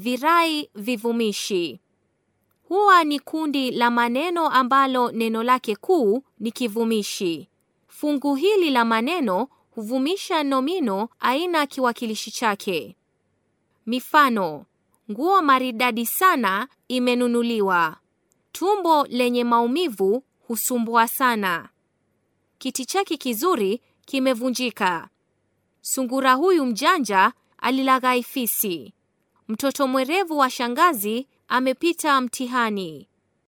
Virai vivumishi huwa ni kundi la maneno ambalo neno lake kuu ni kivumishi. Fungu hili la maneno huvumisha nomino aina kiwakilishi chake. Mifano: nguo maridadi sana imenunuliwa. Tumbo lenye maumivu husumbua sana. Kiti chake kizuri kimevunjika. Sungura huyu mjanja alilaghai fisi. Mtoto mwerevu wa shangazi amepita mtihani.